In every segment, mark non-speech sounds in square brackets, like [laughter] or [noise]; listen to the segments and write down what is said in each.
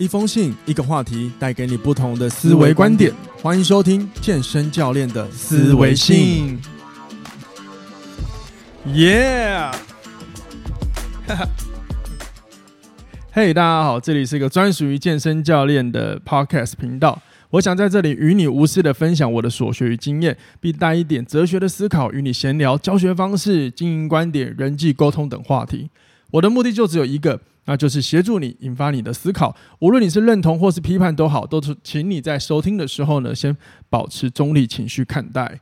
一封信，一個話題，帶給你不同的思維觀點。觀點。歡迎收聽健身教練的思維信。Yeah，哈，嘿，大家好，這裡是一個專屬於健身教練的 Podcast 頻道。我想在這裡與你無私的分享我的所學與經驗，並帶一點哲學的思考與你閒聊教學方式、經營觀點、人際溝通等話題。我的目的就只有一個，那就是協助你引發你的思考。無論你是認同或是批判都好，都是請你在收聽的時候呢，先保持中立情緒看待。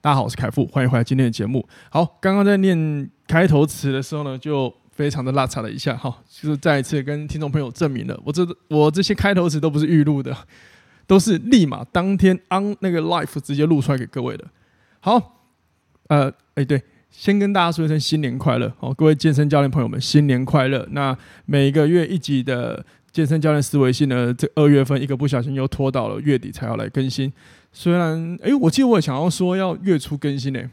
大家好，我是凱富，歡迎回來今天的節目。好，剛剛在念開頭詞的時候呢，就非常的拉扯了一下哈，就是再一次跟聽眾朋友證明了，我這我這些開頭詞都不是預錄的，都是立馬當天 on 那個 live 直接錄出來給各位的。好，呃，誒、欸，對。先跟大家說一聲新年快樂，好，各位健身教練朋友們，新年快樂！那每一個月一集的健身教練思維信呢，這二月份一個不小心又拖到了月底才要來更新。雖然，哎、欸，我記得我也想要說要月初更新嘞、欸，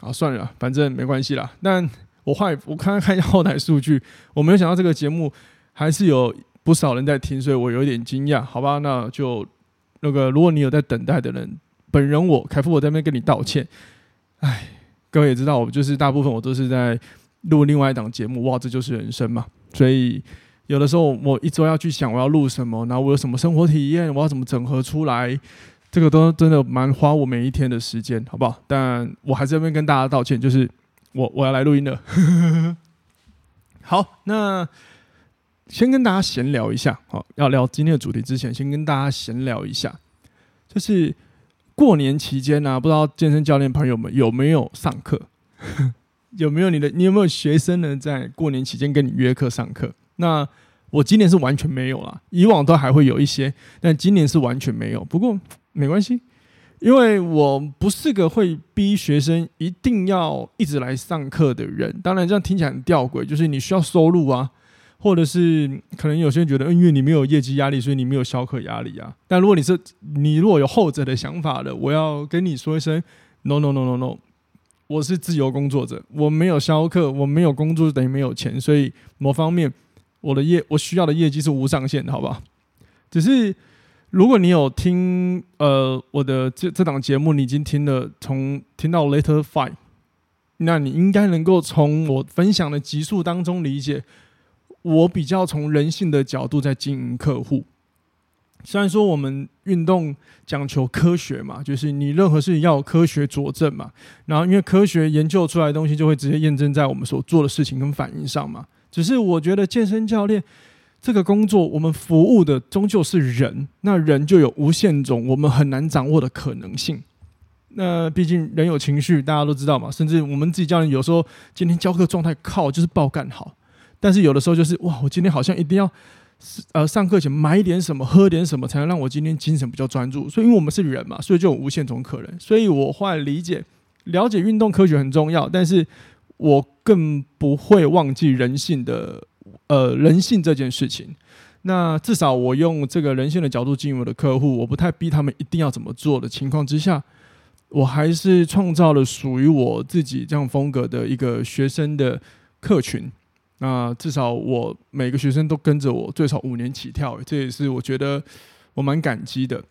好算了，反正沒關係啦。但我後我看看一下後台數據，我沒有想到這個節目還是有不少人在聽，所以我有點驚訝。好吧，那就那個，如果你有在等待的人，本人我楷富我在那邊跟你道歉，哎。各位也知道，我就是大部分我都是在錄另外一檔節目，哇，這就是人生嘛。所以有的時候我，我一周要去想我要錄什麼，然後我有什麼生活體驗，我要怎麼整合出來，這個都真的蠻花我每一天的時間，好不好？但我還是在這邊跟大家道歉，就是我我要來錄音了。 [laughs] 好，那先跟大家閒聊一下，好，要聊今天的主題之前，先跟大家閒聊一下，就是。過年期間呢、啊，不知道健身教練朋友們有沒有上課？有沒有你的？你有沒有學生呢？在過年期間跟你約課上課？那我今年是完全沒有了，以往都還會有一些，但今年是完全沒有。不過沒關係，因為我不是個會逼學生一定要一直來上課的人。當然，這樣聽起來很吊詭，就是你需要收入啊。或者是可能有些人覺得，嗯，因為你沒有業績壓力，所以你沒有消課壓力啊。但如果你是你如果有後者的想法的，我要跟你說一聲 no，no no no no no，我是自由工作者，我沒有消課，我沒有工作等於沒有錢，所以某方面我的業我需要的業績是無上限的，好吧？只是如果你有聽呃我的這這檔節目，你已經聽了從聽到 Letter five，那你應該能夠從我分享的集數當中理解。我比較從人性的角度在經營客戶。雖然說我們運動講求科學嘛，就是你任何事要有科學佐證嘛。然後因為科學研究出來的東西，就會直接驗證在我們所做的事情跟反應上嘛。只是我覺得健身教練這個工作，我們服務的終究是人，那人就有無限種我們很難掌握的可能性。那畢竟人有情緒，大家都知道嘛。甚至我們自己教練有時候今天教課狀態靠，就是爆乾好。但是有的時候就是哇，我今天好像一定要，呃，上課前買點什麼，喝點什麼，才能讓我今天精神比較專注。所以，因為我們是人嘛，所以就有無限種可能。所以，我後來理解、了解運動科學很重要，但是我更不會忘記人性的，呃，人性這件事情。那至少我用這個人性的角度經營我的客戶，我不太逼他們一定要怎麼做的情況之下，我還是創造了屬於我自己這樣風格的一個學生的客群。那至少我每個學生都跟着我最少五年起跳，這也是我覺得我蠻感激的。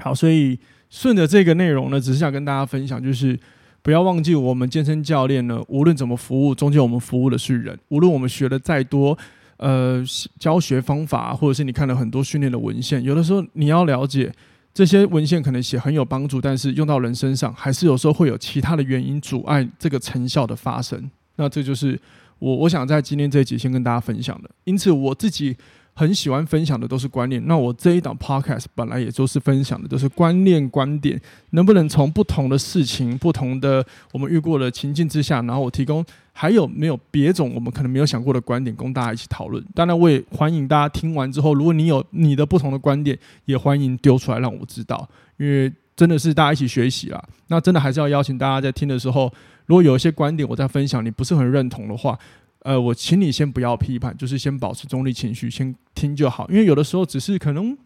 好，所以順着這個內容呢，只是想跟大家分享，就是不要忘記我們健身教練呢，無論怎麼服務，終究我們服務的是人。無論我們學了再多呃，教學方法，或者是你看了很多訓練的文獻，有的時候你要了解這些文獻可能寫很有幫助，但是用到人身上，還是有時候會有其他的原因阻礙這個成效的發生。那這就是。我我想在今天這一集先跟大家分享的，因此我自己很喜歡分享的都是觀念。那我這一檔 Podcast 本來也都是分享的都是觀念觀點，能不能從不同的事情、不同的我們遇過的情境之下，然後我提供還有沒有別種我們可能沒有想過的觀點，供大家一起討論。當然，我也歡迎大家聽完之後，如果你有你的不同的觀點，也歡迎丟出來讓我知道。因為真的是大家一起學習啦，那真的還是要邀請大家在聽的時候，如果有一些觀點我在分享，你不是很認同的話，呃，我請你先不要批判，就是先保持中立情緒，先聽就好。因為有的時候只是可能，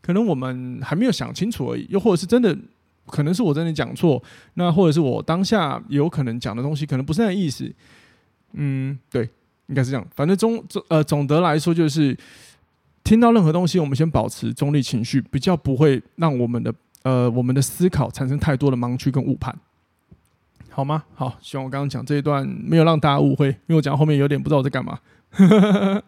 可能我們還沒有想清楚而已，又或者是真的可能是我真的講錯，那或者是我當下有可能講的東西可能不是那個意思。嗯，對，應該是這樣。反正中總，呃，總的來說就是，聽到任何東西，我們先保持中立情緒，比較不會讓我們的。呃，我們的思考產生太多的盲區跟誤判，好嗎？好，希望我剛剛講這一段沒有讓大家誤會，因為我講後面有點不知道我在幹嘛。 [laughs]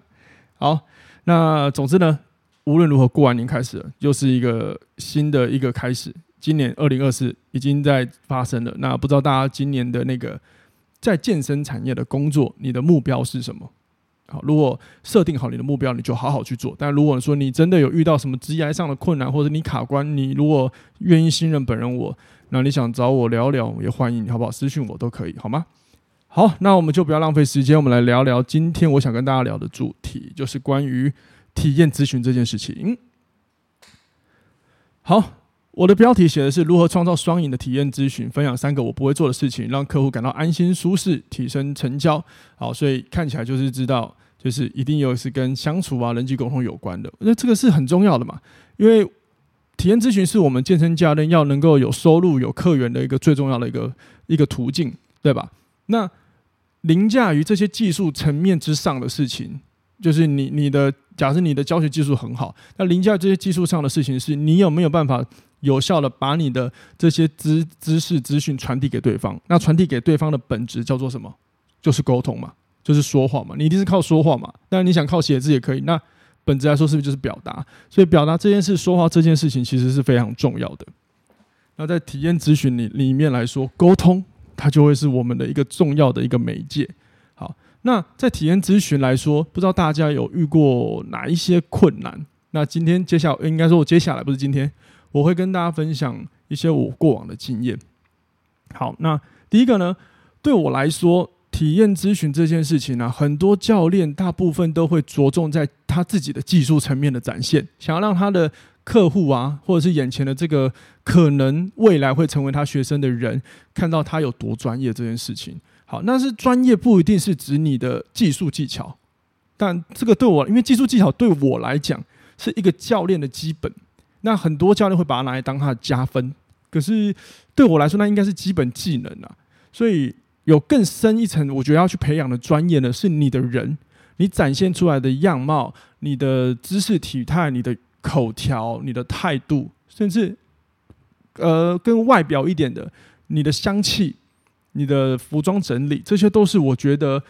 好，那總之呢，無論如何，過完年開始了，又、就是一個新的一個開始。今年二零二四已經在發生了。那不知道大家今年的那個在健身產業的工作，你的目標是什麼？好，如果設定好你的目標，你就好好去做。但如果說你真的有遇到什麼職業上的困難，或者你卡關，你如果願意信任本人我，那你想找我聊聊，也歡迎你，好不好？私信我都可以，好嗎？好，那我們就不要浪費時間，我們來聊聊今天我想跟大家聊的主題，就是關於體驗諮詢這件事情。好。我的標題寫的是如何創造雙贏的體驗諮詢，分享三個我不會做的事情，讓客戶感到安心舒適，提升成交。好，所以看起來就是知道，就是一定又是跟相處啊、人際溝通有關的。那這個是很重要的嘛，因為體驗諮詢是我們健身教練要能夠有收入、有客源的一個最重要的一個一個途徑，對吧？那凌駕於這些技術層面之上的事情，就是你你的假設你的教學技術很好，那凌駕這些技術上的事情是，你有沒有辦法？有效的把你的這些知識知識資訊傳遞給對方，那傳遞給對方的本質叫做什麼？就是溝通嘛，就是說話嘛，你一定是靠說話嘛。當然你想靠寫字也可以，那本質來說是不是就是表達？所以表達這件事，說話這件事情其實是非常重要的。那在體驗諮詢裡裡面來說，溝通它就會是我們的一個重要的一個媒介。好，那在體驗諮詢來說，不知道大家有遇過哪一些困難？那今天接下來應該說我接下來不是今天。我會跟大家分享一些我過往的經驗。好，那第一個呢，對我來說，體驗諮詢這件事情呢，啊，很多教練大部分都會着重在他自己的技術層面的展現，想要讓他的客戶啊，或者是眼前的這個可能未來會成為他學生的人，看到他有多專業這件事情。好，那是專業不一定是指你的技術技巧，但這個對我，因為技術技巧對我來講是一個教練的基本。那很多教練會把它拿來當它的加分，可是對我來說，那應該是基本技能啊。所以有更深一層，我覺得要去培養的專業呢，是你的人，你展現出來的樣貌，你的知識體態，你的口條，你的態度，甚至呃更外表一點的，你的香氣，你的服裝整理，這些都是我覺得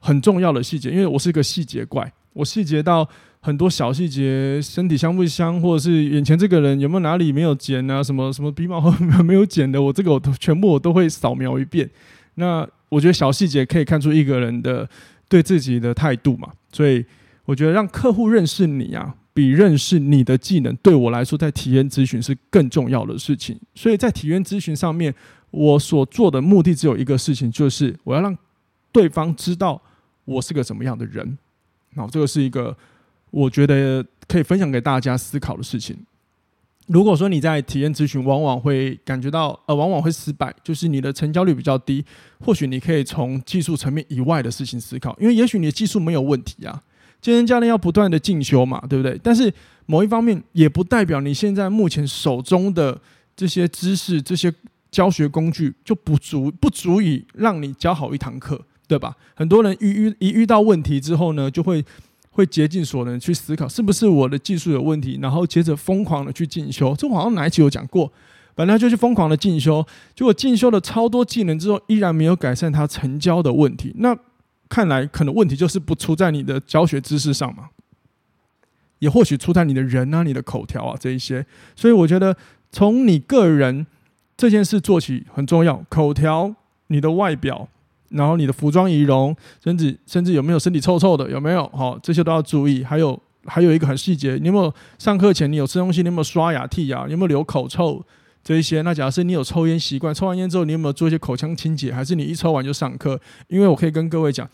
很重要的細節，因為我是一個細節怪，我細節到。很多小細節，身體香不香，或者是眼前這個人有沒有哪裡沒有剪啊？什麼什麼鼻毛沒有沒有剪的，我這個我都全部我都會掃描一遍。那我覺得小細節可以看出一個人的對自己的態度嘛。所以我覺得讓客戶認識你啊，比認識你的技能對我來說，在體驗諮詢是更重要的事情。所以在體驗諮詢上面，我所做的目的只有一個事情，就是我要讓對方知道我是個什麼樣的人。好，這個是一個。我覺得可以分享給大家思考的事情。如果說你在體驗諮詢，往往會感覺到呃，往往會失敗，就是你的成交率比較低。或許你可以從技術層面以外的事情思考，因為也許你的技術沒有問題啊。健身教練要不斷的進修嘛，對不對？但是某一方面也不代表你現在目前手中的這些知識、這些教學工具就不足，不足以讓你教好一堂課，對吧？很多人一遇一遇到問題之後呢，就會。會竭盡所能去思考，是不是我的技術有問題？然後接着瘋狂的去進修。這好像哪一期有講過？本來就是瘋狂的進修，結果進修了超多技能之後，依然沒有改善他成交的問題。那看來可能問題就是不出在你的教學知識上嘛，也或許出在你的人啊、你的口條啊這一些。所以我覺得從你個人這件事做起很重要。口條，你的外表。然後你的服裝儀容，甚至甚至有沒有身體臭臭的，有沒有？好，這些都要注意。還有還有一個很細節，你有沒有上課前你有吃東西？你有沒有刷牙、剔牙？你有沒有流口臭這一些？那假設是你有抽煙習慣，抽完煙之後你有沒有做一些口腔清潔？還是你一抽完就上課？因為我可以跟各位講，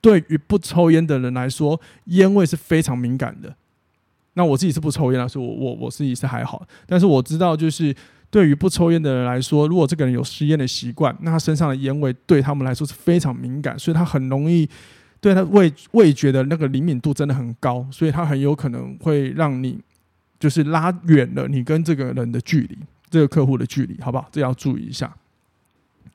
對於不抽煙的人來說，煙味是非常敏感的。那我自己是不抽煙的，所以我我我自己是還好。但是我知道就是。對於不抽菸的人來說，如果這個人有吸菸的習慣，那他身上的菸味對他們來說是非常敏感，所以他很容易對他味味覺的那個靈敏度真的很高，所以他很有可能會讓你就是拉遠了你跟這個人的距離，這個客戶的距離，好不好？這要注意一下。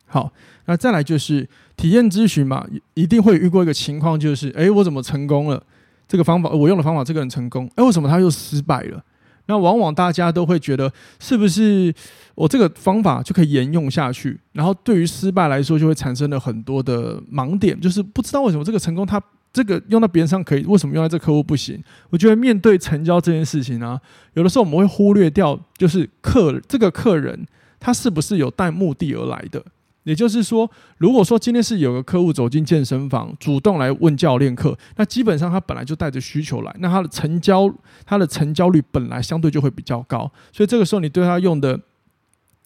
好，那再來就是體驗諮詢嘛，一定會遇過一個情況，就是哎，我怎麼成功了？這個方法我用的方法，這個人成功，哎，為什麼他又失敗了？那往往大家都會覺得，是不是我這個方法就可以沿用下去？然後對於失敗來說，就會產生了很多的盲點，就是不知道為什麼這個成功他，他這個用到別人上可以，為什麼用在這個客戶不行？我覺得面對成交這件事情呢、啊，有的時候我們會忽略掉，就是客這個客人他是不是有帶目的而來的。也就是說，如果說今天是有個客戶走進健身房，主動來問教練課，那基本上他本來就帶着需求來，那他的成交，他的成交率本來相對就會比較高，所以這個時候你對他用的，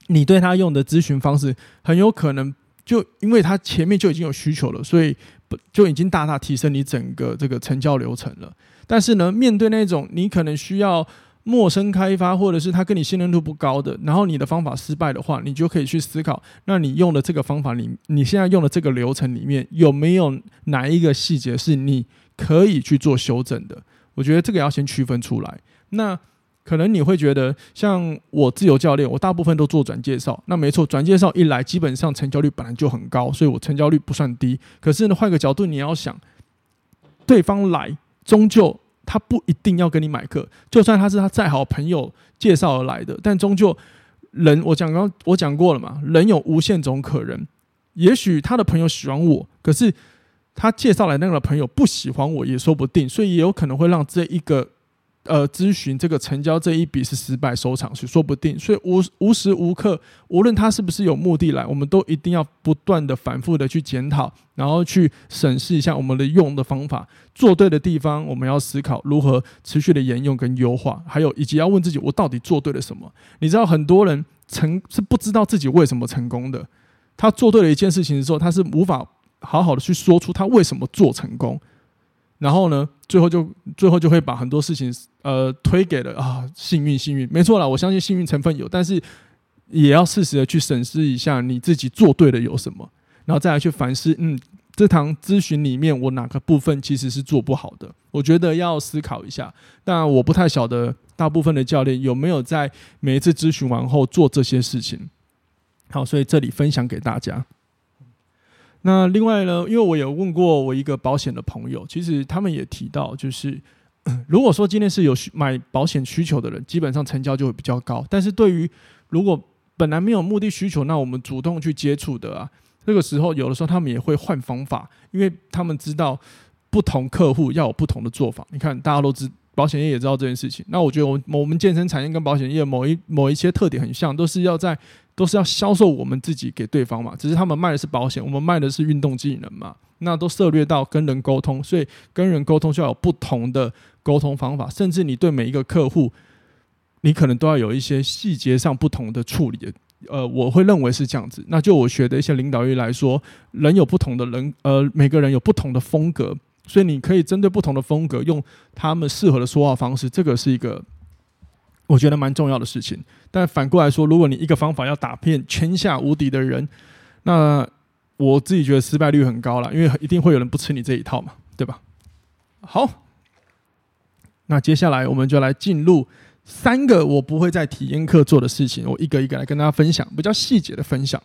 你對他用的諮詢方式，很有可能就因為他前面就已經有需求了，所以就已經大大提升你整個這個成交流程了。但是呢，面對那種你可能需要。陌生開發，或者是他跟你信任度不高的，然後你的方法失敗的話，你就可以去思考，那你用的這個方法裡面，你你現在用的這個流程裡面，有沒有哪一個細節是你可以去做修正的？我覺得這個要先區分出來。那可能你會覺得，像我自由教練，我大部分都做轉介紹，那沒錯，轉介紹一來，基本上成交率本來就很高，所以我成交率不算低。可是呢，換個角度，你要想，對方來，終究。他不一定要跟你買課，就算他是他再好朋友介紹而來的，但終究人我講剛我講過了嘛，人有無限種可能，也許他的朋友喜歡我，可是他介紹來那個的朋友不喜歡我也說不定，所以也有可能會讓這一個。呃，諮詢這個成交這一筆是失敗收場，所以說不定，所以無無時無刻，無論他是不是有目的來，我們都一定要不斷的、反覆的去檢討，然後去審視一下我們的用的方法，做對的地方，我們要思考如何持續的沿用跟優化，還有以及要問自己，我到底做對了什麼？你知道，很多人成是不知道自己為什麼成功的，他做對了一件事情的時候，他是無法好好的去說出他為什麼做成功。然後呢，最後就最後就會把很多事情，呃，推給了啊，幸運，幸運，沒錯啦，我相信幸運成分有，但是也要適時的去審視一下你自己做對的有什麼，然後再來去反思，嗯，這堂諮詢裡面我哪個部分其實是做不好的，我覺得要思考一下。但我不太曉得大部分的教練有沒有在每一次諮詢完後做這些事情。好，所以這裡分享給大家。那另外呢，因為我有問過我一個保險的朋友，其實他們也提到，就是、嗯、如果說今天是有買保險需求的人，基本上成交就會比較高。但是對於如果本來沒有目的需求，那我們主動去接觸的啊，這個時候有的時候他們也會換方法，因為他們知道不同客戶要有不同的做法。你看，大家都知保險業也知道這件事情。那我覺得我我們健身產業跟保險業某一某一些特點很像，都是要在。都是要銷售我們自己給對方嘛，只是他們賣的是保險，我們賣的是運動技能嘛，那都涉獵到跟人溝通，所以跟人溝通就要有不同的溝通方法，甚至你對每一個客戶，你可能都要有一些細節上不同的處理。呃，我會認為是這樣子。那就我學的一些領導力來說，人有不同的人，呃，每個人有不同的風格，所以你可以針對不同的風格，用他們適合的說話方式，這個是一個。我覺得蠻重要的事情，但反過來說，如果你一個方法要打遍天下無敵的人，那我自己覺得失敗率很高了，因為一定會有人不吃你這一套嘛，對吧？好，那接下來我們就來進入三個我不會在體驗課做的事情，我一個一個來跟大家分享，比較細節的分享。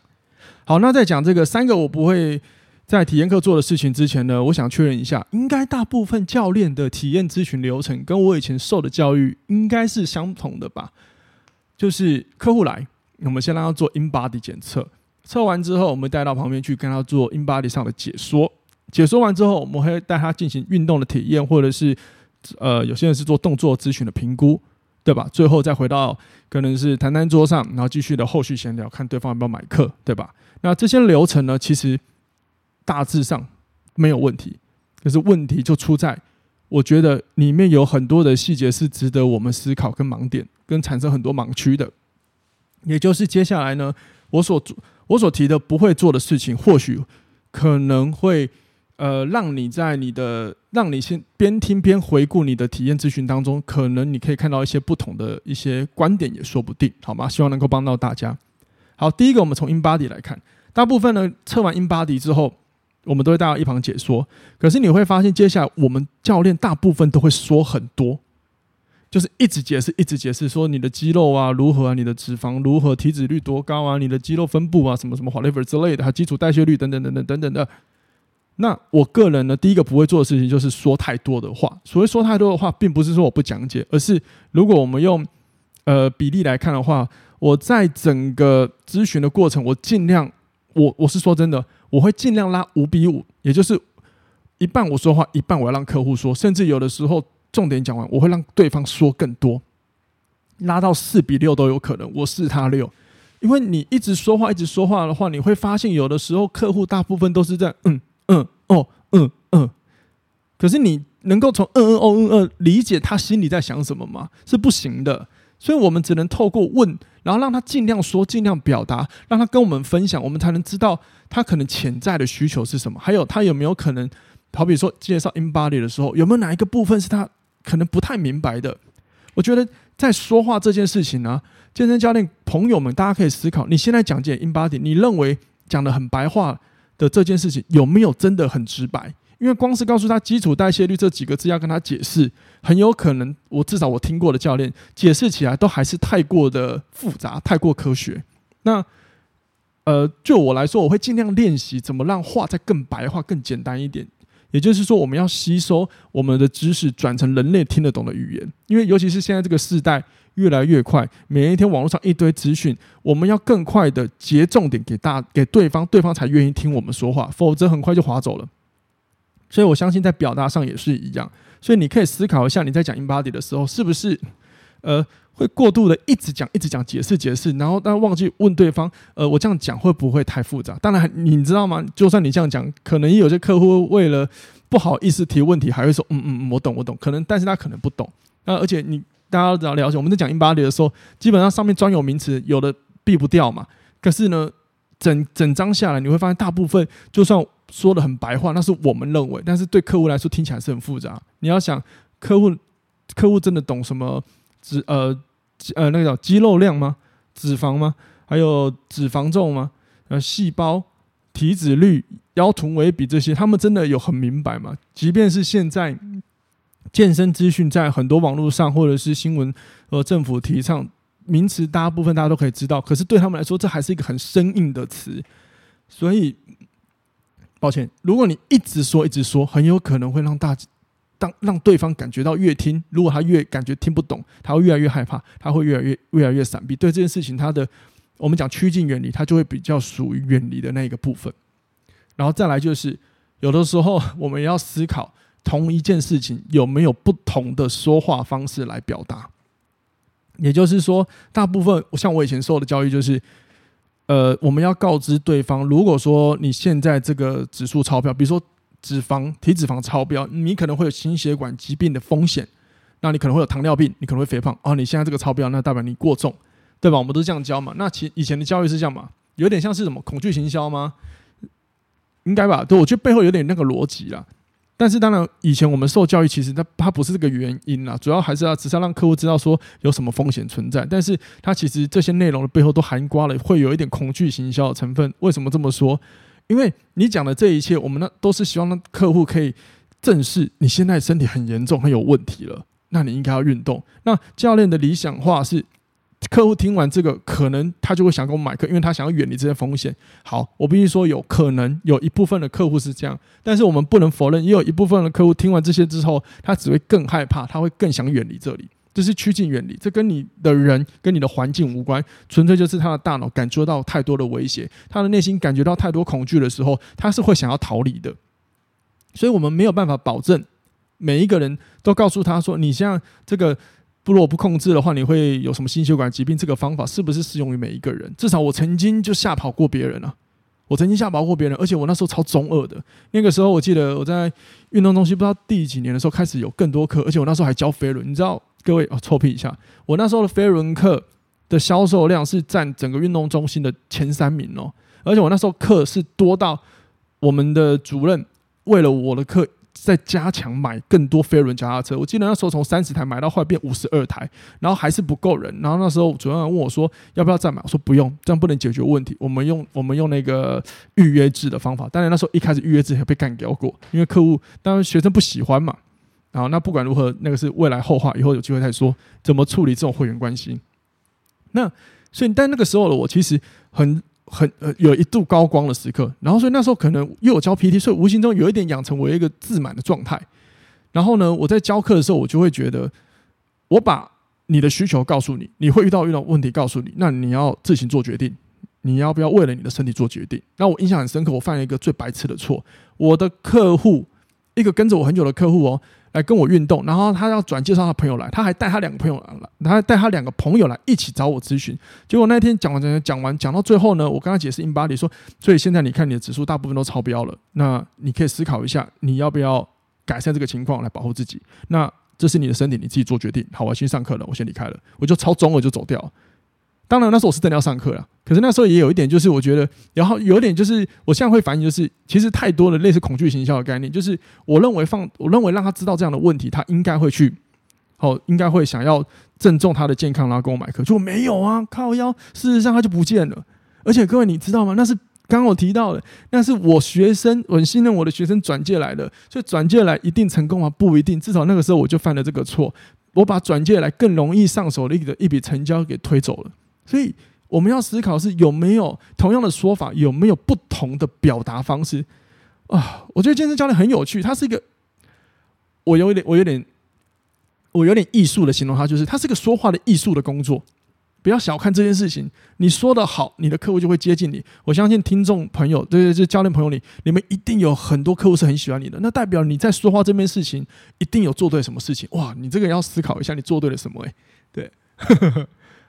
好，那再講這個三個我不會。在體驗課做的事情之前呢，我想確認一下，應該大部分教練的體驗諮詢流程跟我以前受的教育應該是相同的吧？就是客戶來，我們先讓他做 In Body 檢測，測完之後，我們帶到旁邊去跟他做 In Body 上的解說，解說完之後，我們會帶他進行運動的體驗，或者是呃，有些人是做動作諮詢的評估，對吧？最後再回到可能是談談桌上，然後繼續的後續閒聊，看對方要不要買課，對吧？那這些流程呢，其實大致上沒有問題，可是問題就出在，我覺得裡面有很多的細節是值得我們思考跟盲點，跟產生很多盲區的。也就是接下來呢，我所做我所提的不會做的事情，或許可能會呃讓你在你的讓你先邊聽邊回顧你的體驗諮詢當中，可能你可以看到一些不同的一些觀點也說不定，好嗎？希望能夠幫到大家。好，第一個我們從 InBody 來看，大部分呢測完 InBody 之後。我們都會帶到一旁解說，可是你會發現，接下來我們教練大部分都會說很多，就是一直解釋，一直解釋，說你的肌肉啊如何啊，你的脂肪如何，體脂率多高啊，你的肌肉分布啊，什麼什麼華利弗之類的，related, 還基礎代謝率等等等等等等的。那我個人呢，第一個不會做的事情就是說太多的話。所謂說太多的話，並不是說我不講解，而是如果我們用呃比例來看的話，我在整個諮詢的過程，我盡量，我我是說真的。我會盡量拉五比五，也就是一半我說話，一半我要讓客戶說。甚至有的時候，重點講完，我會讓對方說更多，拉到四比六都有可能，我四他六。因為你一直說話，一直說話的話，你會發現有的時候客戶大部分都是在嗯嗯哦嗯嗯，可是你能夠從嗯嗯哦嗯嗯，嗯理解他心裡在想什麼嗎？是不行的，所以我們只能透過問。然後讓他盡量說，盡量表達，讓他跟我們分享，我們才能知道他可能潛在的需求是什麼，還有他有沒有可能，好比說介紹 In Body 的時候，有沒有哪一個部分是他可能不太明白的？我覺得在說話這件事情呢、啊，健身教練朋友們，大家可以思考：你現在講解 In Body，你認為講得很白話的這件事情，有沒有真的很直白？因為光是告訴他基礎代謝率這幾個字，要跟他解釋，很有可能我至少我聽過的教練解釋起來都還是太過的複雜，太過科學。那呃，就我來說，我會儘量練習怎麼讓話再更白話、更簡單一點。也就是說，我們要吸收我們的知識，轉成人類聽得懂的語言。因為尤其是現在這個世代越來越快，每一天網絡上一堆資訊，我們要更快的截重點給大給對方，對方才願意聽我們說話，否則很快就滑走了。所以我相信在表達上也是一樣，所以你可以思考一下，你在講 Inbody 的時候是不是，呃，會過度的一直講一直講解釋解釋，然後但忘記問對方，呃，我這樣講會不會太複雜？當然你知道嗎？就算你這樣講，可能也有些客戶為了不好意思提問題，還會說嗯嗯嗯，我懂我懂，可能，但是他可能不懂。那而且你大家只要了解，我們在講 Inbody 的時候，基本上上面專有名詞有的避不掉嘛，可是呢？整整張下來，你會發現大部分就算說得很白話，那是我們認為，但是對客戶來說聽起來是很複雜。你要想客戶，客戶真的懂什麼脂，呃，呃，那個叫肌肉量嗎？脂肪嗎？還有脂肪重嗎？呃，細胞、體脂率、腰臀圍比這些，他們真的有很明白嗎？即便是現在健身資訊在很多網絡上，或者是新聞和政府提倡。名詞大部分大家都可以知道，可是對他們來說，這還是一個很生硬的詞。所以，抱歉，如果你一直說一直說，很有可能會讓大當讓對方感覺到越聽，如果他越感覺聽不懂，他會越來越害怕，他會越來越越來越閃避。對這件事情，他的我們講趨近遠離，他就會比較屬於遠離的那一個部分。然後再來就是，有的時候我們也要思考同一件事情有沒有不同的說話方式來表達。也就是說，大部分像我以前受的教育就是，呃，我們要告知對方，如果說你現在這個指數超標，比如說脂肪、體脂肪超標，你可能會有心血管疾病的風險，那你可能會有糖尿病，你可能會肥胖啊、哦，你現在這個超標，那代表你過重，對吧？我們都是這樣教嘛。那其以前的教育是這樣嘛，有點像是什麼恐懼行銷嗎？應該吧？對，我覺得背後有點那個邏輯啦。但是當然，以前我們受教育，其實它它不是這個原因啦，主要還是要，只是要讓客戶知道說有什麼風險存在。但是它其實這些內容的背後都涵蓋了，會有一點恐懼行銷的成分。為什麼這麼說？因為你講的這一切，我們呢都是希望讓客戶可以正視你現在身體很嚴重，很有問題了，那你應該要運動。那教練的理想化是。客戶聽完這個，可能他就會想跟我買課，因為他想要遠離這些風險。好，我必須說，有可能有一部分的客戶是這樣，但是我們不能否認，也有一部分的客戶聽完這些之後，他只會更害怕，他會更想遠離這裡，這是趨近遠離。這跟你的人、跟你的環境無關，純粹就是他的大腦感覺到太多的威脅，他的內心感覺到太多恐懼的時候，他是會想要逃離的。所以，我們沒有辦法保證每一個人都告訴他說：“你像這個。”如果不控制的話，你會有什麼心血管疾病？這個方法是不是適用於每一個人？至少我曾經就嚇跑過別人啊！我曾經嚇跑過別人，而且我那時候超中二的。那個時候，我記得我在運動中心不知道第幾年的時候開始有更多課，而且我那時候還教飛輪。你知道，各位哦，臭屁一下，我那時候的飛輪課的銷售量是占整個運動中心的前三名哦。而且我那時候課是多到我們的主任為了我的課。在加強買更多飛輪腳踏車，我記得那時候從三十台買到後來變五十二台，然後還是不夠人。然後那時候主任問我說要不要再買，我說不用，這樣不能解決問題。我們用我們用那個預約制的方法。當然那時候一開始預約制還被幹掉過，因為客戶當然學生不喜歡嘛。然後那不管如何，那個是未來後話，以後有機會再說怎麼處理這種會員關係。那所以但那個時候的我其實很。很呃，有一度高光的時刻，然後所以那時候可能又有教 PT，所以無形中有一點養成我一個自滿的狀態。然後呢，我在教課的時候，我就會覺得我把你的需求告訴你，你會遇到遇到問題告訴你，那你要自行做決定，你要不要為了你的身體做決定？那我印象很深刻，我犯了一個最白痴的錯，我的客戶一個跟着我很久的客戶哦、喔。來跟我運動，然後他要轉介紹他朋友來，他還帶他兩個朋友來，他還帶他兩個朋友來，朋友來一起找我諮詢。結果那天講完講完講到最後呢，我跟他解釋 InBody 說，所以現在你看你的指數大部分都超標了，那你可以思考一下，你要不要改善這個情況來保護自己？那這是你的身體，你自己做決定。好，我先上課了，我先離開了，我就超鐘，我就走掉。當然，那時候我是真的要上課了。可是那時候也有一點，就是我覺得，然後有一點就是，我現在會反映，就是其實太多的類似恐懼行銷的概念，就是我認為放，我認為讓他知道這樣的問題，他應該會去，哦，應該會想要鄭重他的健康，然後給我買。可是我沒有啊，靠腰，事實上他就不見了。而且各位你知道嗎？那是剛剛我提到的，那是我學生，我很信任我的學生轉介來的，所以轉介來一定成功嗎？啊？不一定，至少那個時候我就犯了這個錯，我把轉介來更容易上手的一個一筆成交給推走了，所以。我們要思考是有沒有同樣的說法，有沒有不同的表達方式啊？我覺得健身教練很有趣，他是一個，我有點，我有點，我有點藝術的形容他，就是他是一個說話的藝術的工作。不要小看這件事情，你說的好，你的客戶就會接近你。我相信聽眾朋友，對對、對，就是、教練朋友裡，你們一定有很多客戶是很喜歡你的，那代表你在說話這件事情一定有做對什麼事情。哇，你這個要思考一下，你做對了什麼？欸，哎，對。 [laughs]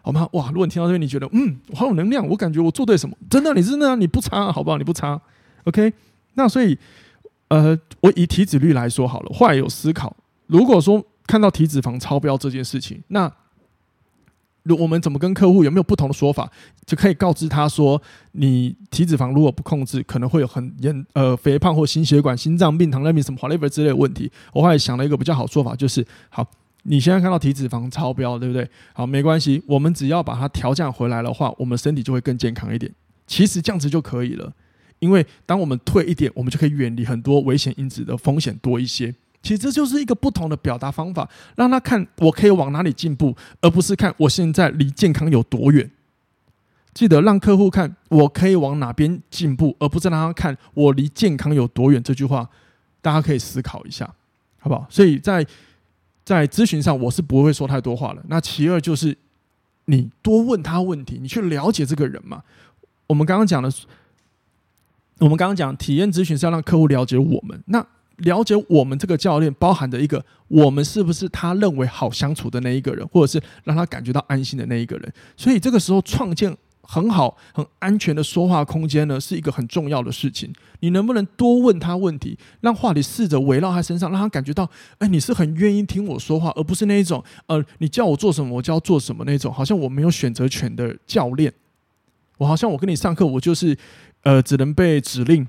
好嗎？哇！如果你聽到這邊，你覺得嗯，我好有能量，我感覺我做對什麼？真的，你真的你不差，好不好？你不差，OK。那所以，呃，我以體脂率來說好了。後來有思考，如果說看到體脂肪超標這件事情，那如果我們怎麼跟客戶有沒有不同的說法，就可以告知他說，你體脂肪如果不控制，可能會有很嚴呃肥胖或心血管、心臟病、糖尿病什麼 whatever 之類的問題。我還想了一個比較好的說法，就是好。你現在看到體脂肪超標，對不對？好，沒關係，我們只要把它調降回來的話，我們身體就會更健康一點。其實這樣子就可以了，因為當我們退一點，我們就可以遠離很多危險因子的風險多一些。其實這就是一個不同的表達方法，讓他看我可以往哪裡進步，而不是看我現在離健康有多遠。記得讓客戶看我可以往哪邊進步，而不是讓他看我離健康有多遠。這句話大家可以思考一下，好不好？所以在。在諮詢上，我是不會說太多話了。那其二就是，你多問他問題，你去了解這個人嘛。我們剛剛講的，我們剛剛講體驗諮詢是要讓客戶了解我們。那了解我們這個教練，包含着一個，我們是不是他認為好相處的那一個人，或者是讓他感覺到安心的那一個人。所以這個時候創建。很好，很安全的說話空間呢，是一個很重要的事情。你能不能多問他問題，讓話題試着圍繞他身上，讓他感覺到，哎、欸，你是很願意聽我說話，而不是那一種，呃，你叫我做什麼我就要做什麼那種，好像我沒有選擇權的教練。我好像我跟你上課，我就是，呃，只能被指令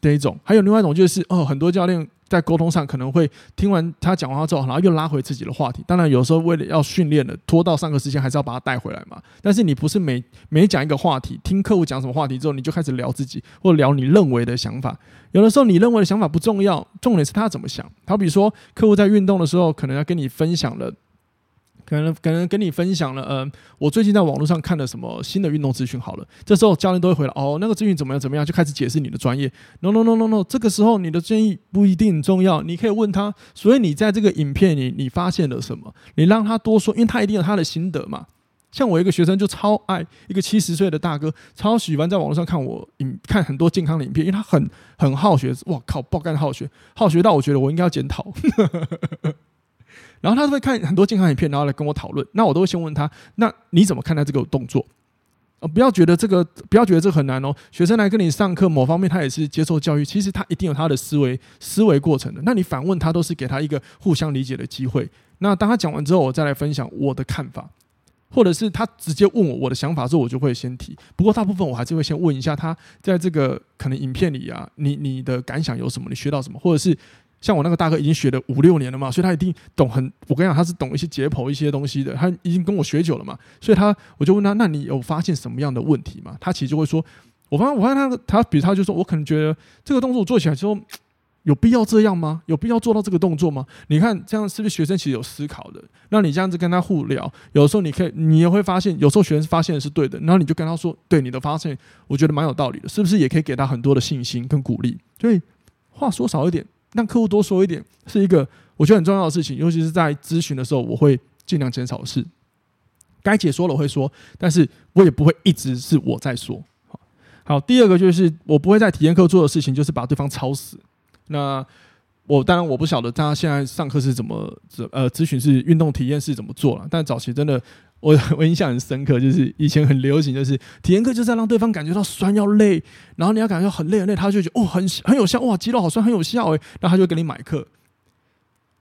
的一種。還有另外一種就是，哦、呃，很多教練。在溝通上可能會聽完他講完話之後，然後又拉回自己的話題。當然，有時候為了要訓練的，拖到上課時間還是要把他帶回來嘛。但是你不是每每講一個話題，聽客戶講什麼話題之後，你就開始聊自己或聊你認為的想法。有的時候你認為的想法不重要，重點是他怎麼想。好比說客戶在運動的時候，可能要跟你分享了。可能可能跟你分享了，嗯，我最近在網絡上看了什麼新的運動資訊好了。這時候教練都會回來，哦，那個資訊怎麼樣怎麼樣？就開始解釋你的專業。No, no no no no no，這個時候你的建議不一定重要。你可以問他，所以你在這個影片裡你你發現了什麼？你讓他多說，因為他一定有他的心得嘛。像我一個學生就超愛一個七十歲的大哥，超喜歡在網絡上看我影看很多健康的影片，因為他很很好學。哇靠，爆肝好學，好學到我覺得我應該要檢討。呵呵呵呵然後他會看很多健康影片，然後來跟我討論。那我都會先問他：“那你怎麼看待這個動作？”哦，不要覺得這個，不要覺得這很難哦。學生來跟你上課，某方面他也是接受教育，其實他一定有他的思維思維過程的。那你反問他，都是給他一個互相理解的機會。那當他講完之後，我再來分享我的看法，或者是他直接問我我的想法之後，我就會先提。不過大部分我還是會先問一下他，在這個可能影片裡啊，你你的感想有什麼？你學到什麼？或者是……像我那個大哥已經學了五六年了嘛，所以他一定懂很。我跟你講，他是懂一些解剖一些東西的。他已經跟我學久了嘛，所以他，我就問他，那你有發現什麼樣的問題嗎？他其實就會說，我發現我發現他，他比他就說我可能覺得這個動作我做起來之後有必要這樣嗎？有必要做到這個動作嗎？你看這樣是不是學生其實有思考的？那你這樣子跟他互聊，有時候你可以，你也會發現，有時候學生發現的是對的，然後你就跟他說，對你的發現，我覺得蠻有道理的，是不是也可以給他很多的信心跟鼓勵？所以話說少一點。讓客戶多說一點是一個我覺得很重要的事情，尤其是在諮詢的時候，我會盡量減少的事，該解說了，我會說，但是我也不會一直是我在說。好，第二個就是我不會在體驗課做的事情，就是把對方操死。那我當然我不曉得他現在上課是怎麼諮呃諮詢是運動體驗是怎麼做了，但早期真的我我印象很深刻，就是以前很流行，就是體驗課就是在讓對方感覺到酸要累，然後你要感覺到很累很累，他就覺得哦很很有效哇肌肉好酸很有效誒、欸，那他就會給你買課。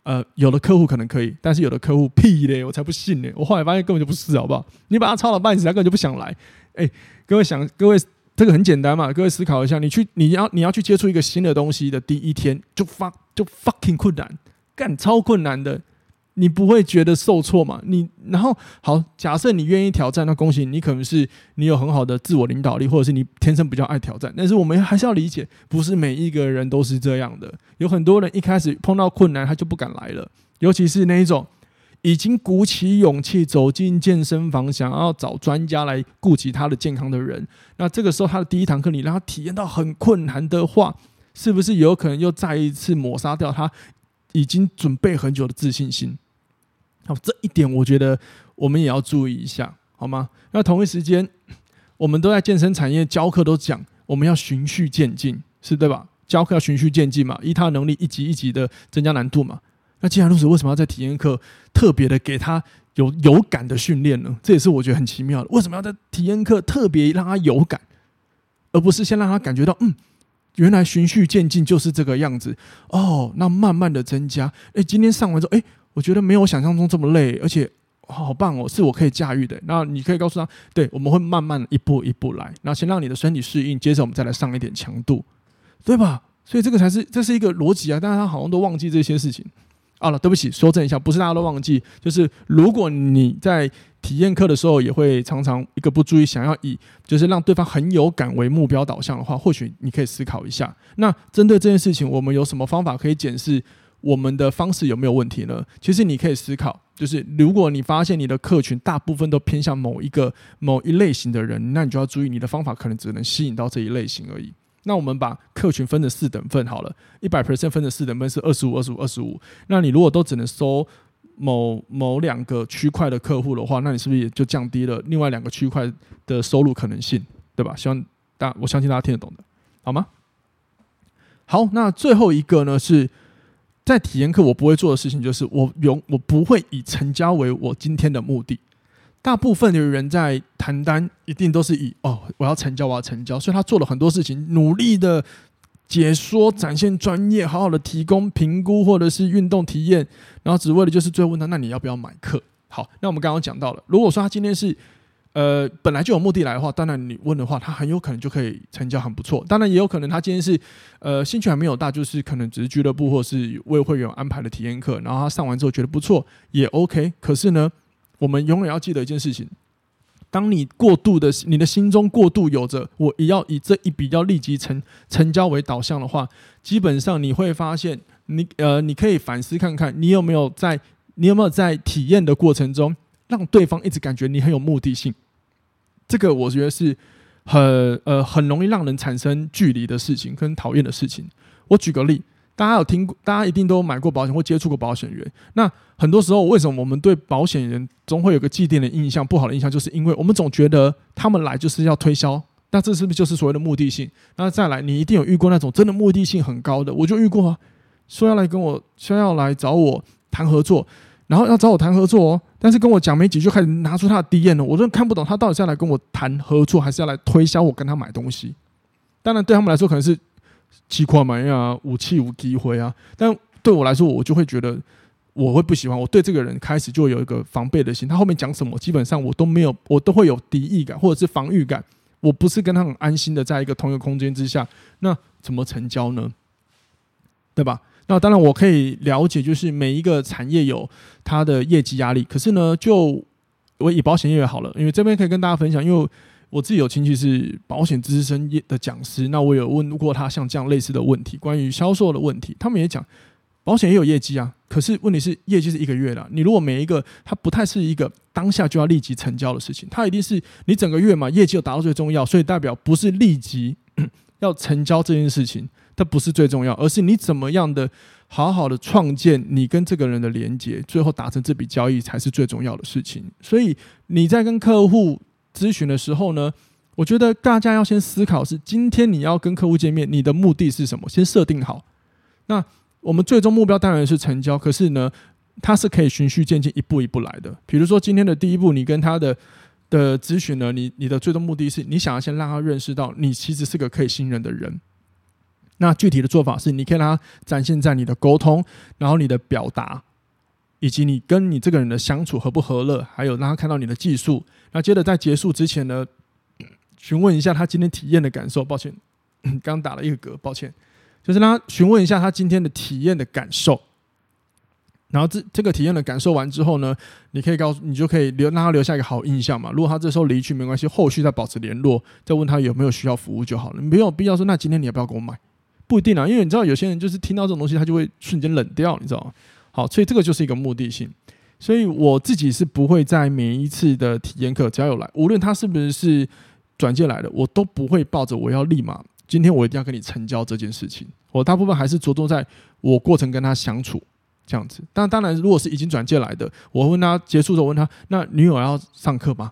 呃，有的客戶可能可以，但是有的客戶屁嘞，我才不信嘞！我後來發現根本就不是好不好？你把他操到半死，他根本就不想來。誒，各位想各位。這個很簡單嘛，各位思考一下，你去你要你要去接觸一個新的東西的第一天，就發 fuck, 就 fucking 困難，幹超困難的，你不會覺得受挫嘛？你，然後好，假設你願意挑戰，那恭喜你，你可能是你有很好的自我領導力，或者是你天生比較愛挑戰。但是我們還是要理解，不是每一個人都是這樣的，有很多人一開始碰到困難，他就不敢來了，尤其是那一種。已經鼓起勇氣走進健身房，想要找專家來顧及他的健康的人，那這個時候他的第一堂課，你讓他體驗到很困難的話，是不是有可能又再一次抹殺掉他已經準備很久的自信心？好，這一點我覺得我們也要注意一下，好嗎？那同一時間，我們都在健身產業教課都講，我們要循序漸進，是對吧？教課要循序漸進嘛，以他的能力一級一級的增加難度嘛。那既然如此，為什麼要在體驗課特別的給他有有感的訓練呢？這也是我覺得很奇妙的。為什麼要在體驗課特別讓他有感，而不是先讓他感覺到，嗯，原來循序漸進就是這個樣子哦？那慢慢的增加。哎、欸，今天上完之後，哎、欸，我覺得沒有想象中這麼累，而且、哦、好棒哦，是我可以駕馭的。那你可以告訴他，對，我們會慢慢一步一步來。那先讓你的身體適應，接着我們再來上一點強度，對吧？所以這個才是，這是一個邏輯啊！但是他好像都忘記這些事情。好了，對不起，說正一下，不是大家都忘記，就是如果你在體驗課的時候，也會常常一個不注意，想要以就是讓對方很有感為目標導向的話，或許你可以思考一下。那針對這件事情，我們有什麼方法可以檢視我們的方式有沒有問題呢？其實你可以思考，就是如果你發現你的客群大部分都偏向某一個某一類型的人，那你就要注意，你的方法可能只能吸引到這一類型而已。那我們把客群分成四等份好了100，一百 percent 分成四等份是二十五、二十五、二十五。那你如果都只能收某某兩個區塊的客戶的話，那你是不是也就降低了另外兩個區塊的收入可能性？對吧？希望大我相信大家聽得懂的，好嗎？好，那最後一個呢是在體驗課我不會做的事情，就是我永我不會以成交為我今天的目的。大部分的人在談單，一定都是以哦，我要成交，我要成交。所以他做了很多事情，努力的解說、展現專業，好好的提供評估或者是運動體驗，然後只為了就是最後問他，那你要不要買課？好，那我們剛剛講到了，如果說他今天是呃本來就有目的來的話，當然你問的話，他很有可能就可以成交，很不錯。當然也有可能他今天是呃興趣還沒有大，就是可能只是俱樂部或是為會員安排的體驗課，然後他上完之後覺得不錯，也 OK。可是呢？我們永遠要記得一件事情，當你過度的，你的心中過度有着我，也要以這一筆要立即成成交為導向的話，基本上你會發現，你呃，你可以反思看看，你有沒有在，你有沒有在體驗的過程中，讓對方一直感覺你很有目的性。這個我覺得是很呃很容易讓人產生距離的事情，跟討厭的事情。我舉個例。大家有聽過？大家一定都買過保險或接觸過保險員。那很多時候，為什麼我們對保險人總會有個既定的印象？不好的印象就是因為我們總覺得他們來就是要推銷。那這是不是就是所謂的目的性？那再來，你一定有遇過那種真的目的性很高的？我就遇過、啊，說要來跟我，說要來找我談合作，然後要找我談合作哦、喔。但是跟我講沒幾句，開始拿出他的提案了，我真的看不懂他到底是要來跟我談合作，還是要來推銷我跟他買東西？當然，對他們來說，可能是。機會買呀，五期五機會啊！但對我來說，我就會覺得我會不喜歡。我對這個人開始就有一個防備的心，他後面講什麼，基本上我都沒有，我都會有敵意感或者是防御感。我不是跟他很安心的在一個同一個空間之下，那怎麼成交呢？對吧？那當然我可以了解，就是每一個產業有它的業績壓力。可是呢，就我以保險業也好了，因為這邊可以跟大家分享，因為。我自己有親戚是保險資深的講師，那我有問過他像這樣類似的問題，關於銷售的問題。他們也講保險也有業績啊，可是問題是業績是一個月了，你如果每一個它不太是一個當下就要立即成交的事情，它一定是你整個月嘛，業績要達到最重要，所以代表不是立即要成交這件事情，它不是最重要，而是你怎麼樣的好好的創建你跟這個人的連接，最後達成這筆交易才是最重要的事情，所以你在跟客戶。諮詢的時候呢，我覺得大家要先思考是今天你要跟客戶見面，你的目的是什麼？先設定好。那我們最終目標當然是成交，可是呢，他是可以循序漸進，一步一步來的。比如說今天的第一步，你跟他的的諮詢呢，你你的最終目的是你想要先讓他認識到你其實是個可以信任的人。那具體的做法是，你可以讓他展現在你的溝通，然後你的表達，以及你跟你這個人的相處合不合樂，還有讓他看到你的技術。那接着在結束之前呢，詢問一下他今天體驗的感受。抱歉，剛打了一個嗝，抱歉。就是讓他詢問一下他今天的體驗的感受，然後這這個體驗的感受完之後呢，你可以告訴你就可以留讓他留下一個好印象嘛。如果他這時候離去沒關係，後續再保持聯絡，再問他有沒有需要服務就好了，沒有必要說那今天你要不要給我買，不一定啊，因為你知道有些人就是聽到這種東西他就會瞬間冷掉，你知道嗎？好，所以這個就是一個目的性。所以我自己是不會在每一次的體驗課，只要有來，無論他是不是轉介來的，我都不會抱着我要立馬今天我一定要跟你成交這件事情。我大部分還是着重在我過程跟他相處這樣子。當當然，如果是已經轉介來的，我問他結束的時候問他，那女友要上課嗎？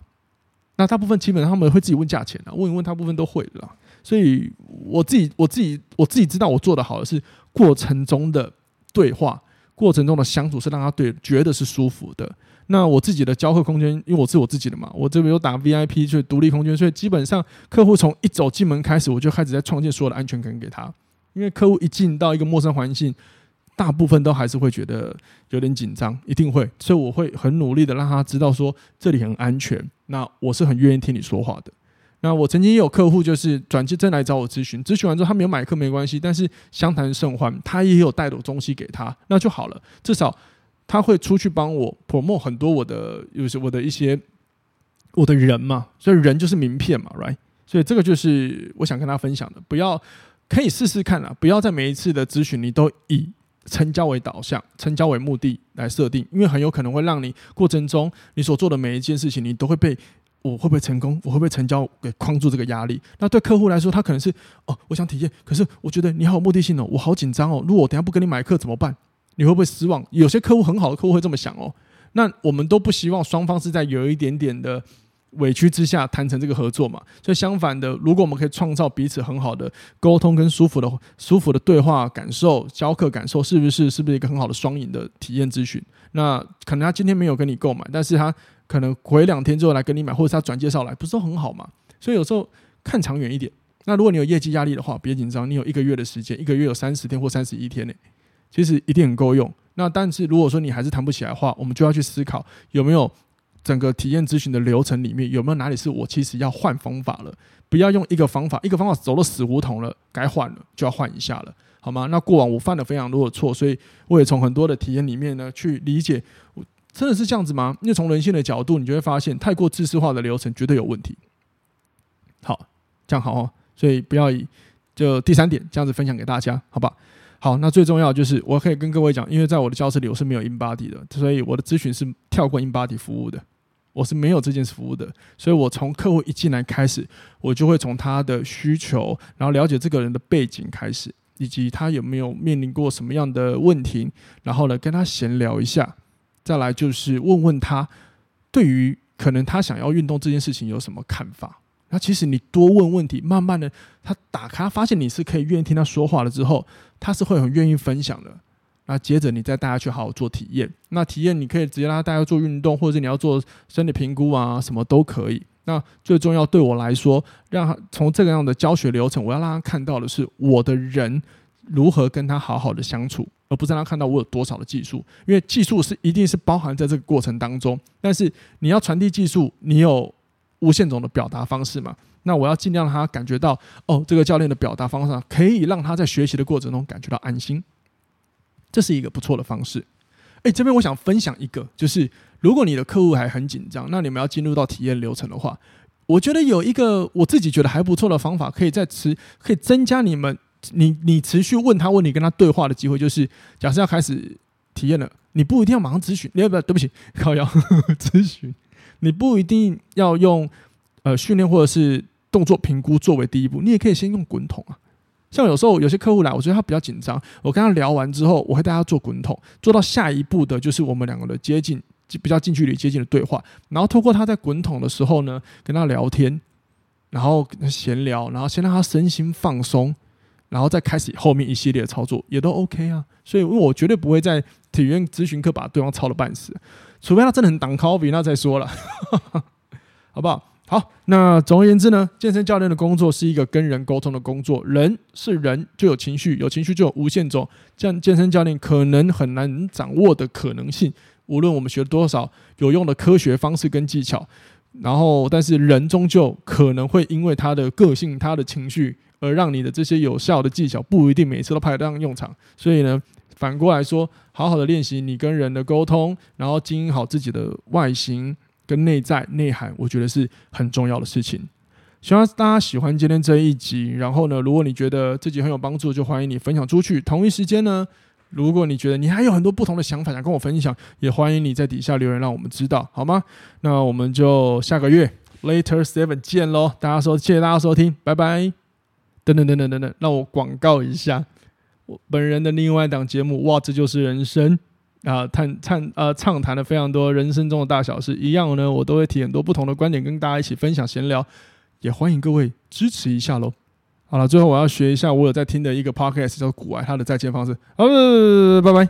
那大部分基本上他們會自己問價錢了，啊，問一問，大部分都會了。所以我自己我自己我自己知道我做得好的是過程中的對話。過程中的相處是讓他對覺得是舒服的。那我自己的教課空間，因為我是我自己的嘛，我這邊有打 VIP，就是獨立空間，所以基本上客戶從一走進門開始，我就開始在創建所有的安全感給他。因為客戶一進到一個陌生環境，大部分都還是會覺得有點緊張，一定會。所以我會很努力的讓他知道說這裡很安全。那我是很願意聽你說話的。那我曾經也有客戶，就是轉真來找我諮詢，諮詢完之後他沒有買課沒關係，但是相談甚歡，他也有帶的東西給他，那就好了。至少他會出去幫我 promote 很多我的，就是我的一些我的人嘛，所以人就是名片嘛，right？所以這個就是我想跟他分享的，不要，可以試試看啊，不要在每一次的諮詢你都以成交為導向，成交為目的來設定，因為很有可能會讓你過程中你所做的每一件事情你都會被。我會不會成功？我會不會成交？給框住這個壓力。那對客戶來說，他可能是哦，我想體驗，可是我覺得你好有目的性哦，我好緊張哦。如果我等下不跟你買課怎麼辦？你會不會失望？有些客戶很好的客戶會這麼想哦。那我們都不希望雙方是在有一點點的委屈之下談成這個合作嘛。所以相反的，如果我們可以創造彼此很好的溝通跟舒服的、舒服的對話感受、教課感受，是不是是不是一個很好的雙贏的體驗諮詢？那可能他今天沒有跟你購買，但是他。可能隔兩天之後來跟你買，或者是他轉介紹來，不是都很好嗎？所以有時候看長遠一點。那如果你有業績壓力的話，別緊張，你有一個月的時間，一個月有三十天或三十一天呢、欸，其實一定很夠用。那但是如果說你還是談不起來的話，我們就要去思考，有沒有整個體驗諮詢的流程裡面，有沒有哪裡是我其實要換方法了，不要用一個方法，一個方法走到死胡同了，該換了就要換一下了，好嗎？那過往我犯了非常多的錯，所以我也從很多的體驗裡面呢，去理解，真的是這樣子嗎？因為從人性的角度，你就會發現，太過知識化的流程絕對有問題。好，這樣好哦，所以不要以就第三點這樣子分享給大家，好吧？好，那最重要就是，我可以跟各位講，因為在我的教室裡我是沒有 Inbody 的，所以我的諮詢是跳過 Inbody 服務的，我是沒有這件事服務的，所以我從客戶一進來開始，我就會從他的需求，然後了解這個人的背景開始，以及他有沒有面臨過什麼樣的問題，然後呢，跟他閒聊一下。再來就是問問他，對於可能他想要運動這件事情有什麼看法？那其實你多問問題，慢慢的他打開，發現你是可以願意聽他說話了之後，他是會很願意分享的。那接着你再帶他去好好做體驗，那體驗你可以直接讓他帶他做運動，或者是你要做身體評估啊，什麼都可以。那最重要對我來說，讓他從這個樣的教學流程，我要讓他看到的是我的人如何跟他好好的相處，而不是讓他看到我有多少的技術，因為技術是一定是包含在這個過程當中。但是你要傳遞技術，你有無限種的表達方式嘛？那我要盡量讓他感覺到，哦，這個教練的表達方式可以讓他在學習的過程中感覺到安心，這是一個不錯的方式。誒，這邊我想分享一個，就是如果你的客戶還很緊張，那你們要進入到體驗流程的話，我覺得有一個我自己覺得還不錯的方法，可以在此可以增加你們。你你持續問他問你跟他對話的機會就是，假設要開始體驗了，你不一定要馬上諮詢，你要不要？對不起，靠腰，呵呵，諮詢你不一定要用呃訓練或者是動作評估作為第一步，你也可以先用滾筒啊。像有時候有些客戶來，我覺得他比較緊張，我跟他聊完之後，我會帶他做滾筒，做到下一步的就是我們兩個的接近，比較近距離接近的對話，然後透過他在滾筒的時候呢，跟他聊天，然後閒聊，然後先讓他身心放鬆。然後再開始後面一系列操作也都 OK 啊，所以我絕對不會在體驗諮詢課把對方操得半死，除非他真的很擋 copy，那再說了，呵呵，好不好？好，那總而言之呢，健身教練的工作是一個跟人溝通的工作，人是人就有情緒，有情緒就有無限種，這樣健身教練可能很難掌握的可能性。無論我們學了多少有用的科學方式跟技巧，然後但是人終究可能會因為他的個性、他的情緒。而讓你的這些有效的技巧不一定每次都派得上用場，所以呢，反過來說，好好的練習你跟人的溝通，然後經營好自己的外形跟內在內涵，我覺得是很重要的事情。希望大家喜歡今天這一集，然後呢，如果你覺得自己很有幫助，就歡迎你分享出去。同一時間呢，如果你覺得你還有很多不同的想法想跟我分享，也歡迎你在底下留言讓我們知道，好嗎？那我們就下個月 Letter 7見嘍！大家說，謝謝大家收聽，拜拜。等等等等等等，讓我廣告一下，我本人的另外一檔節目，哇，這就是人生啊，探、呃、探，呃暢談了非常多人生中的大小事，一樣呢，我都會提很多不同的觀點跟大家一起分享閒聊，也歡迎各位支持一下嘍。好了，最後我要學一下我有在聽的一個 podcast 叫《股癌》，他的再見方式，呃拜拜。